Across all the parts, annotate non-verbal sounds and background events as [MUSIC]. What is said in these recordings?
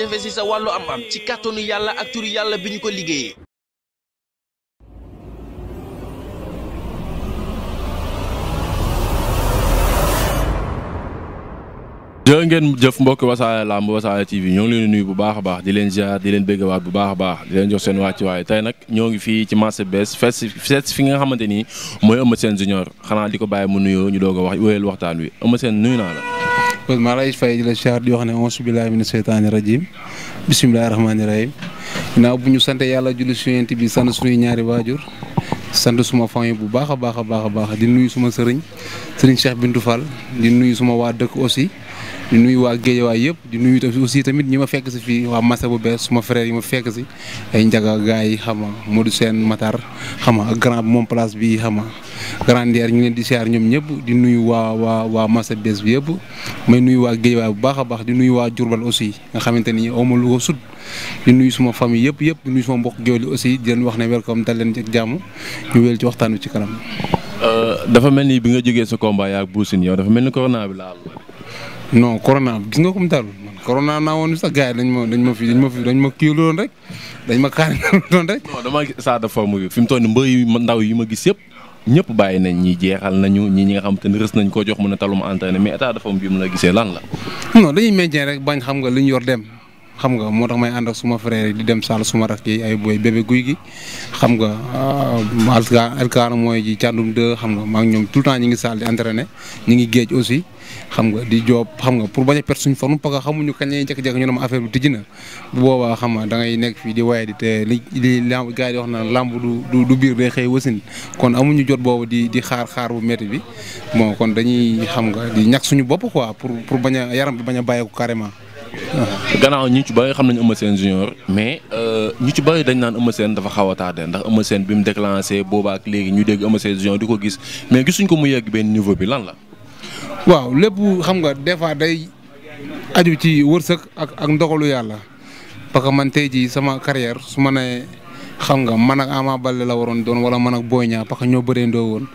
jafe-jafe sa wàllu am-am ci kàttanu yàlla ak turu yàlla bi ñu ko liggéeyee. jërë ngeen jëf mbokk wasaare làmb wasaare TV ñoo ngi leen di nuyu bu baax baax di leen ziar di leen béggawaat bu baax a baax di leen jox seen wàccuwaay tey nag ñoo ngi fii ci marché bees fees fi nga xamante ni mooy Eumeu Sène junior xanaa di ko bàyyi mu nuyoo ñu doog a wax wéyal waxtaan wi Eumeu Sène nuyu naa la. kon maa lay fay di la siyaar di wax ne auzu billaahi mina seytaani rajiim bismillaahi rahmaani rahiim ginnaaw bu ñu sant yàlla julli si yonent bi sant suñuy ñaari waajur sant suma famille bu baax a baax a baax a baax di nuyu suma sëriñ sëriñ Cheikh bintu fal di nuyu suma waa dëkk aussi di nuyu waa Géejawaay yëpp di nuyu aussi tamit ñi ma fekk si fii waa Massa bu bees suma frère yi ma fekk si ay njaga gaay yi xam nga di seen Matar xam nga ak grand moom place bi grandière ñu ngi leen di siyaar ñoom ñëpp di nuyu waa waa waa masa bés bi yëpp may nuyu waa Géejawaay bu baax a baax di nuyu waa Jurbel aussi nga xamante ni awma lu ko sut di nuyu suma famille yëpp yëpp di nuyu suma mbokk géwél yi aussi di wax ne welcome dal leen ak jàmm ñu wéel ci wi ci kanam euh, dafa mel ni bi nga jógee sa combat yaa ak Bou dafa mel ni corona bi la non corona gis nga ko mu dal man naa woon sax gars yi dañ ma dañ ma fi dañ ma fi dañ ma rek dañ ma kaani [LAUGHS] loon rek. non damaa gis état fi mu toll nii mbër ndaw yi ma gis yëpp. ñëpp bàyyi nañ ñi jeexal nañu ñi ñi nga xam te ne rës nañ koo jox mën a taluma entraîné mais état dafa am bi mu la gisee lan la. non dañuy maintien rek bañ xam nga li ñu yor dem xam nga moo tax may ànd ak suma frère yi di dem Sall suma rak yi ay booy bébé guy gi xam nga euh, alkaana mooy ji càndum 2 xam nga maa ñoom tout le temps ñi ngi Sall di entraîné ñi ngi géej aussi. xam nga di joob xam nga pour bañ a perte suñu forme parce que xamuñu kañ lañuy jékki-jékki ñu ne ma affaire bi tijji na bu boobaa xam na da nekk fii di waaye di te li li lamb gars yi di wax naan lamb du du biir day xëy wasin kon amuñu jot boobu di di xaar xaar bu métti bi bon kon dañuy xam nga di ñàkk suñu bopp quoi pour pour bañ yaram bi bañ a bàyyeeku carrément. gannaaw ñu ci bëri xam nañu Eumeu Sène junior mais euh, ñu ci bëri dañ naan Eumeu Sène dafa xaw a tardé ndax Eumeu Sène bi mu déclenché boobaak léegi ñu dégg Eumeu Sène junior di ko gis mais gisuñ ko mu yegg benn niveau bi lan la waaw lépp xam nga des fois day aju ci wërsëg ak ak ndogalu yàlla parce que man tey jii sama carrière su ma nee xam nga man ak amaa bale la waroon doon wala man ak Boy Niang parce que ñoo bëree ndoo woon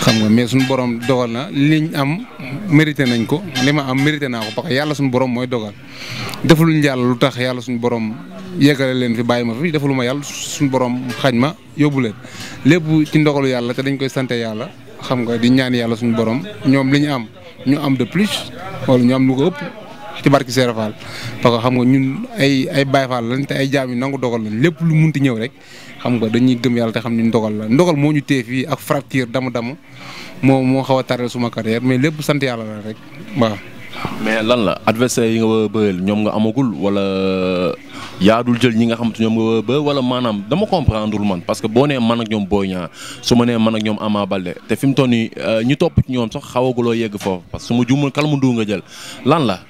xam nga mais suñu borom dogal na liñ am mérité nañ ko li ma am mérité naa ko parce yàlla suñu borom mooy dogal ñu yàlla lu tax yàlla suñu borom yeggale leen fi bàyyi ma fi defalu ma yàlla suñ borom xañ ma yóbbu leen lépp ci ndogalu yàlla te dañ koy sante yàlla. xam nga di ñaan yàlla suñu borom ñoom li ñu am ñu am de plus wala ñu am lu ko ëpp ci barki Serigne Fall parce que xam nga ñun ay ay Baye lañ te ay jaam yu nangu dogal lañ lépp lu mun ti ñëw rek xam nga dañuy gëm yàlla te xam ni ndogal la ndogal moo ñu téye fii ak fracture damu damu moo moo xaw a taral suma carrière mais lépp sant yàlla la rek waaw. mais lan la adversaire yi nga war a bëreel ñoom nga amagul wala yaadul jël ñi nga xam te ñoom nga war a bëreel wala maanaam dama comprendre man parce que boo nee man ak ñoom Boy Niang su ma nee man ak ñoom Ama Baldé te fi mu toll nii euh, ñi topp ci ñoom sax xawaguloo yegg foofu parce que su ma juumul kal mu du nga jël lan la.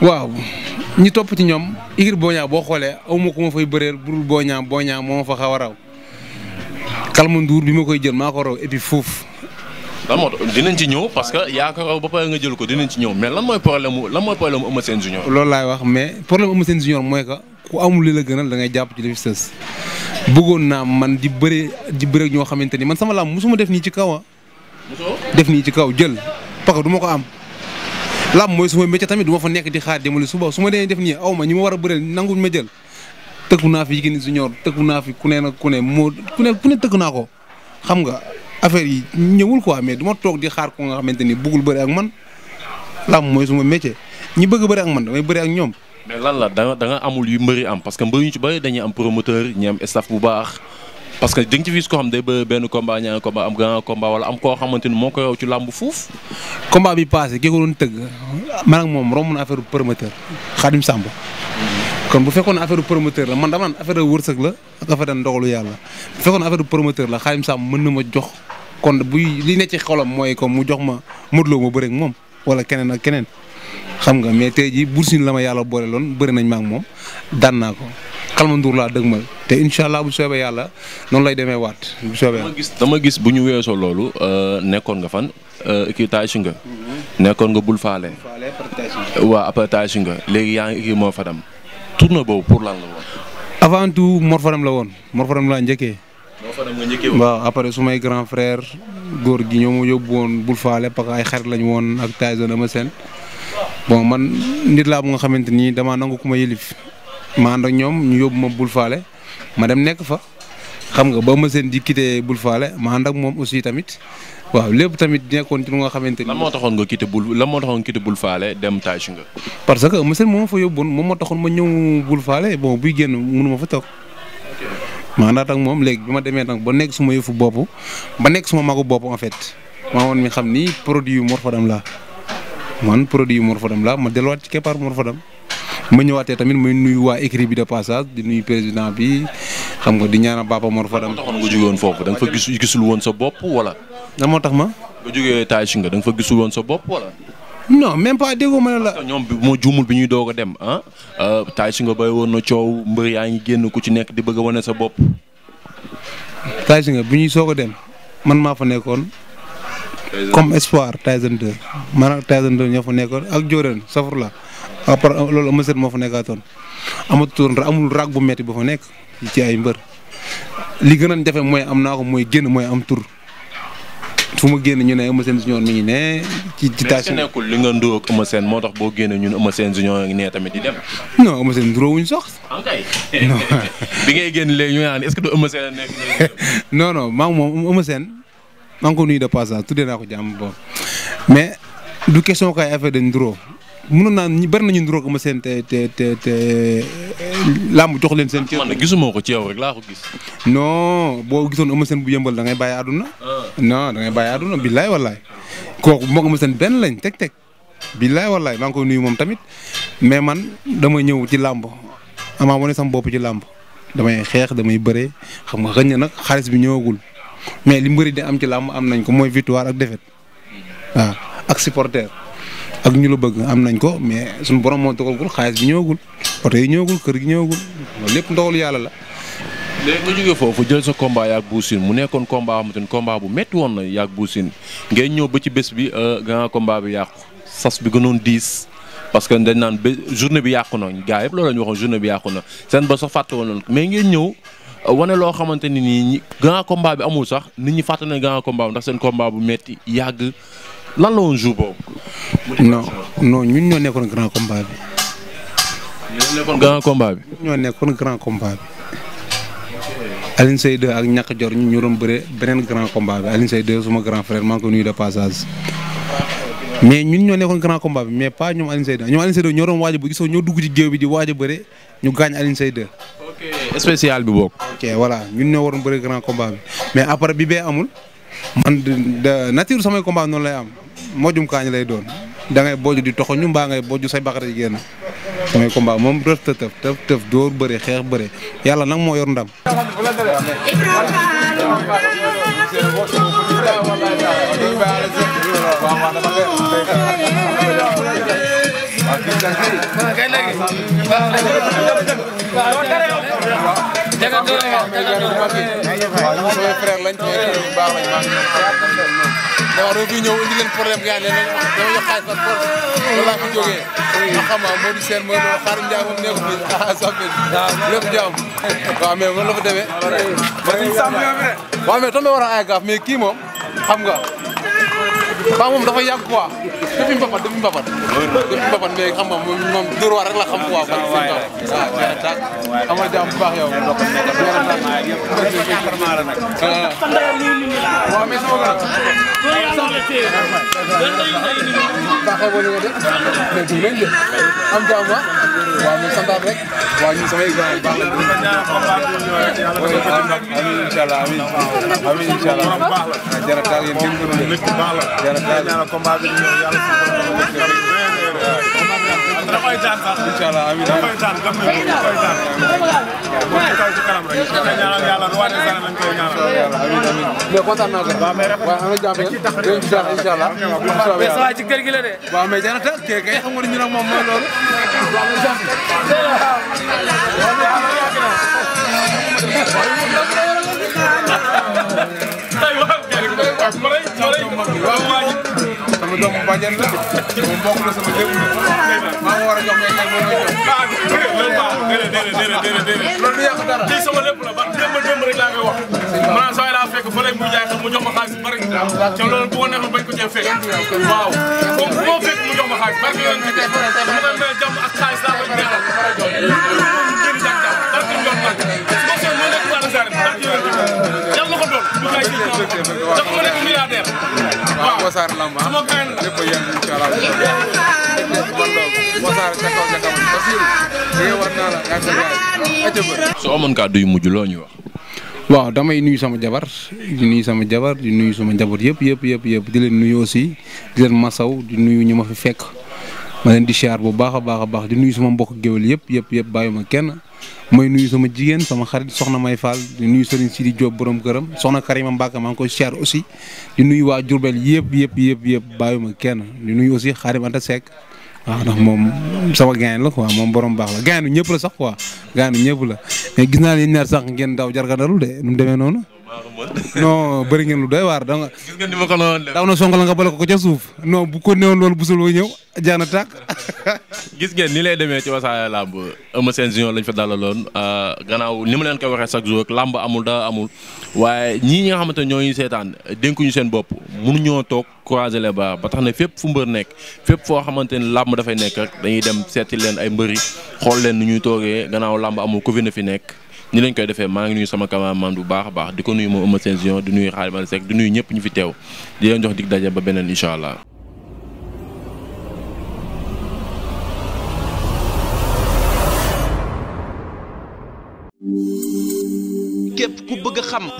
waaw ñi topp ci ñoom igir booñaa boo xoolee awma ku ma fay bëreel burul Boy Niang Boy Niang moo ma fa xaw a raw kalmanduur bi ma koy jël maa ko raw et puis foofu lan dinañ ci ñëw parce que yaakaaroo ba pare nga jël ko dinañ ci ñëw mais lan mooy problème mu lan mooy problème mu Eumeu Sène junior. loolu laay wax mais problème Eumeu Sène junior mooy que ku amul li la gënal da ngay jàpp ci fi sës bëggoon naa man di bëre di bëre ñoo xamante ni man sama làmb mosuma def nii ci kawa ah. def nii ci kaw jël parce que du ko am. lam mooy su ma métier tamit du ma fa nekk di xaar demali suba su ma dee def nii aw ma ñi ma war a bëreel nanguñ ma jël tëkku naa fi Yékini junior tëkku naa fi ku ne nag ku ne moo ku ne ku tëkku naa ko xam nga affaire yi ñëwul quoi mais du toog di xaar ko nga xamante ni bëggul bëri ak man làmb mooy suma métier ñi bëgg bëri ak man damay bëri ak ñoom. mais lan la da nga amul yu mbëri am parce que mbëri ñu ci bëri dañuy am promoteur ñi am staff bu baax parce que di nga ci xam day bëri benn combat ñaari combat am grand combat wala am koo xamante ni moo ko raw ci làmb fuuf. combat bi passé ki ko doon tëgg man ak moom romb na affaire promoteur Khadim Samb. kon bu fekkoon affaire promoteur la man dama naan affaire wërsëg la ak affaire ndogalu yàlla bu fekkoon affaire promoteur la Xaadim Samb mën na ma jox kon buy li ne ci xolam mooy ko mu jox ma modloo ma bëri moom wala keneen ak keneen xam nga mais tey jii Boursin la ma yàlla boole loon bëri nañ ma moom daan naa ko xalma nduur laa dëgmal te incha allah bu soobee yàlla noonu lay demee waat bu soobee gis dama gis bu ñu weesoo loolu euh, nekkoon nga fan euh, kii taasu nga mhm. nekkoon nga bul faale waaw après nga léegi yaa ngi kii moo fadam tournoi boobu pour lan la woon. avant tout Morfaram la woon Morfaram laa njëkkee. Morfaram nga njëkkee waaw après su may grand frère góor gi ñoo ma yóbbu woon bul faale parce ay xarit lañu woon ak Tyson Eumeu Sène bon man nit laa bu nga xamante ni damaa nangu ko ma yëlif ma ànd ñoom ñu yóbbu ma bul faale ma dem nekk fa. xam nga ba ma seen di quitté bul faale ma ànd ak moom aussi tamit waaw lépp tamit nekkoon ci lu nga xamante ni. lan moo taxoon nga quitté bul lan moo taxoon quitté bul faale parce que ma seen moom fa yóbbuwoon moom moo taxoon ma ñëw bul faale bon buy génn ma fa toog. maanaam ak moom léegi bi ma demee nag ba nekk suma yëfu bopp ba nekk suma magu bopp en fait maa woon xam ni produit yu Morphodam la man produit yu Morphodam la ma delluwaat ci keppaar Morphodam ma ñëwaatee tamit muy nuyu waa écrit bi de passage di nuyu président bi xam nga di ñaanal papa Mor Fadam. moo taxoon nga jóge woon foofu da nga fa gisul woon sa bopp wala. lan moo tax ma. nga jógee fa gisul woon sa bopp même pas déggoo ma la. ñoom bi moo juumul bu ñuy doog a dem ah euh, Taï Shinga bay woon na coow mbër yaa ngi génn ku ci nekk di bëgg a wane sa bopp. Taï Shinga bi ñuy soog a dem man maa fa nekkoon. comme espoir Tyson 2 man ak Tyson ñoo fa nekkoon ak Jordan safur la à part euh, loolu Eumeu Sène moo fa nekkaatoon amatutoon amul raag bu metti ba fa nekk ci ay mbër li gën a jafe mooy am naa ko mooy génn mooy am tur fu ma génn ñu ne Eumeu Sène Junior mi ngi ne. ci ci tâche mais nekkul li nga nduróo ak Eumeu moo tax boo génne ñun Eumeu si Junior ngi ne tamit di dem. non Eumeu Sène nduróo wuñ sax. Ah, non [LAUGHS] bi génn léegi ñu naan est-ce que du Eumeu Sène nekk [LAUGHS] non non maa moom Eumeu maa ngi ko nuyu de passage tuddee naa ko jàmm boobu mais du question kay affaire de nduróo mënoon naa ñu bari nañu niroog Eumeu Sène te te te te làmb jox leen seen. cër man gisuma ko ci laa ko gis. boo gisoon Eumeu Sène bu yëmbal da ngay bàyyi àdduna. non da ngay bàyyi àdduna billaay wallaay. kooku moog Eumeu Sène benn lañ teg teg billaay wallaay maa ngi koy nuyu moom tamit mais man damay ñëw ci làmb amaa wane sama bopp ci làmb damay xeex damay bëree xam nga xëñ na nag xaalis bi ñëwagul mais li mbëri di am ci làmb am nañ ko mooy victoire ak défaite waaw ak supporter. ak ñu la bëgg am nañ ko mais suñu borom moo dogalagul xaalis bi ñëwagul oto yi ñëwagul kër gi ñëwagul lépp ndogalu yàlla la. léegi nga jógee foofu jël sa combat yaag Bou Sine mu nekkoon combat xamante ni bu métti woon na yàgg Bou Sine ngay ñëw ba ci bés bi euh, grand combat bi yàqu sas bi gënoon diis. parce que dañ naan ba journée bi yàqu na gaa yëpp loolu la ñu waxoon journée bi yàqu na seen ba sax fàtte woon mais ngeen ñëw euh, wane loo xamante ni nii grand combat bi amul sax nit ñi fàtte na grand combat ndax seen combat bu metti yàgg lan la woon jour boobu. non ñun ñoo nekkoon grand combat bi. ñoo bi. ñoo nekkoon grand combat bi. Alioune Seye ak ñaq jor ñu ñu doon bëre beneen grand combat bi Alioune Seye 2 suma ñun ñoo nekkoon grand combat mais pas ñoom Alioune Seye ñoom Alioune Seye 2 ñoo doon bu gisoo ñoo dugg ci géew bi di waaj a ñu gaañ Alioune Seye 2. spécial bi bokk. ok voilà ñun ñoo waroon bëre grand combat bi mais après bi bee amul man de nature samay combat noonu lay am. mojum kaañ lay doon da ngay bojj di toxoñu mbaa ngay bojj say baqara yi génn mooy combat moom rëf tëf tëf tëf dóor xeex bëre yàlla nag moo yor ndam. dama doon fi ñëw indi leen problème gars yi leen dama jox xaalis par force loolu laa ko jógee. ma xam ah Modou Sène mooy moom xaaral Ndiaye moom nekkul fi [LAUGHS] ah Sopé. waaw lépp jaam waaw mais man la fa demee. waaw mais tombé war a ay gaaf mais kii moom xam nga. paa moom dafa yàgg quoi depuis Mbapat depuis Mbapat. depuis Mbapat mais xam nga moom moom Dóor waar rek la xam quoi. waaw waay waay taag amal jàmm bu baax yow. waaw mais sama gars. baaxee boo ñëwee de. ñaanal combat bi di ñëw yàlla suñu borom dafa nekk rek. da koy daan sax. incha allah amiin da koy daan gëm nañu da koy daan. boo ci kaw ci kanam rek. da koy ñaanal yàlla lu wane dara lañ koy ñaanal. amiin amiin. mais kontaan naa ko. waaw mais rafet waaw Ahmed Diagne dégg nga incha allah. mais saa ci kër gi la de. waaw mais jërë nga tey kay kay xam nga ni ñu nag moom mooy loolu. waaw sama doomu bàjjen la moom bokk na sama lépp maa war a jox mais tey moom loolu du yàq dara tey sama lépp la ba démb démb rek laa koy wax maanaam saa laa fekk fa lay mu jaay mu jox ma xaalis bari te loolu bu ko neexoon bañ ko cee fekk waaw comme bu ma fekk mu jox ma xaalis barke yoon bi tey mu mel jàmm ak xaalis laa koy jeexal wasaare lamba lépp su amoon kàddu yu mujj loo ñuy wax. waaw damay nuyu sama jabar di nuyu sama jabar di nuyu sama njaboot yëpp yëpp yëpp yëpp di leen nuyu aussi di leen masaw di nuyu ñu ma fi fekk ma leen di siyaar bu baax a baax a baax di nuyu sama mbokk géwél yëpp yëpp yëpp bàyyi ma kenn. mooy nuyu sama jigéen sama xarit soxna May Fall di nuyu Serigne Sidi Diop borom këram soxna Karima Mbacke maa ngi ko siyaar aussi di nuyu waa Diourbel yëpp yëpp yëpp yëpp bàyyiwuma kenn di nuyu aussi Xarim Anta Seck waaw ndax moom sama gain la quoi moom borom baax la gainu ñëpp la sax quoi gainu ñëpp la mais gis naa ne yéen ñaar sax ngeen daw jargandalu de nu demee noonu. non bëri ngeen lu doy waar da nga. gis ngeen la woon daw na sonk nga bale ko ca suuf noo bu ko néewoon loolu bu sul ñëw. jaana tàkk [LAUGHS] gis ngeen ni lay demee ci wasaare làmb Eumeu Sène Junior lañ fa dalaloon euh, gannaaw ni ma leen koy waxee chaque jour làmb amul dara amul waaye ñii nga xamante ne ñooñu seetaan dénkuñu seen bopp mënuñoo toog croiser les bras ba tax ne fépp fu mbër nekk fépp foo xamante ne làmb dafay nekk rek dañuy dem seeti leen ay mbëri xool leen nu ñuy toogee gannaaw làmb amul Covid na fi nekk ni lañ koy defee maa ngi nuyu sama cameraman bu baax a baax di ko nuyu moom Eumeu Sène Junior di nuyu Xaadim Seck di nuyu ñëpp ñu fi teew di leen jox dig daje ba beneen incha allah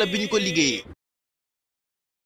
wala bi ñu ko liggéeyee